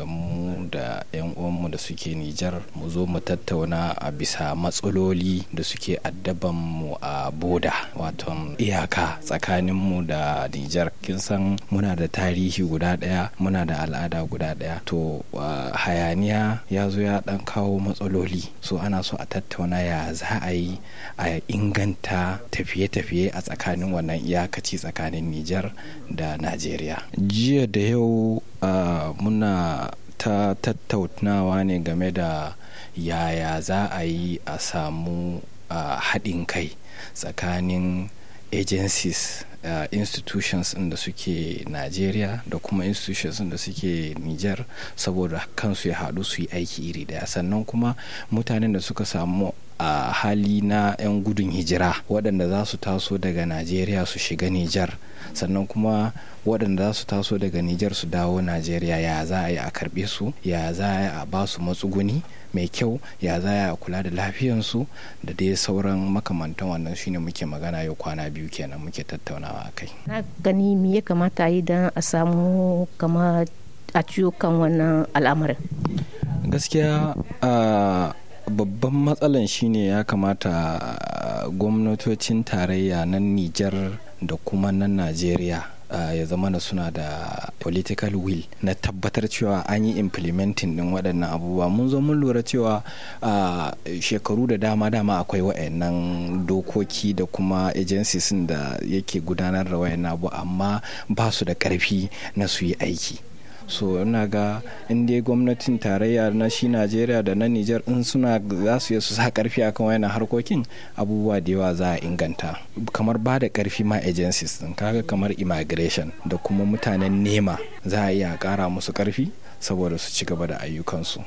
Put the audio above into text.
Um. da 'yan uwanmu da suke Nijar mu zo mu tattauna a bisa matsaloli da suke addaban mu a boda waton iyaka tsakanin mu da Nijar kin san muna da tarihi guda ɗaya muna da al'ada guda ɗaya to hayaniya ya zo ya ɗan kawo matsaloli so ana so a tattauna ya za a yi a inganta tafiye-tafiye a tsakanin wannan iyakaci tsakanin Nijar da Najeriya jiya da yau muna ta tattaunawa ne game da yaya za a yi a samu haɗin kai tsakanin agencies uh, institutions inda suke nigeria da kuma institutions da suke Niger saboda kansu ya haɗu su yi aiki iri daya sannan kuma mutanen da suka samu a hali na 'yan gudun hijira waɗanda za su taso daga najeriya su shiga nijar sannan kuma waɗanda za su taso daga nijar su dawo najeriya ya za a yi a karɓe su ya za a yi a ba su matsuguni mai kyau ya za a kula da lafiyansu da dai sauran makamantan wannan shine muke magana yau kwana biyu kenan muke tattaunawa a kai na gani me ya kamata yi don a samu kama a ciwo kan wannan al'amarin gaskiya babban matsalan shine ya kamata gwamnatocin tarayya na nijar da kuma na najeriya ya zama na suna da political will na tabbatar cewa an yi implementing din waɗannan abubuwa mun zo mun lura cewa shekaru da dama dama akwai waɗannan dokoki da kuma agencies da yake gudanar da wayannan abu amma ba su da ƙarfi na su yi aiki so ina ga in dai gwamnatin tarayya na shi najeriya da na niger in suna za su su sa karfi a kan wayanan harkokin abubuwa da yawa za a inganta kamar ba da karfi ma agencies din kaga kamar immigration da kuma mutanen nema za a iya kara musu karfi saboda su ci gaba da ayyukansu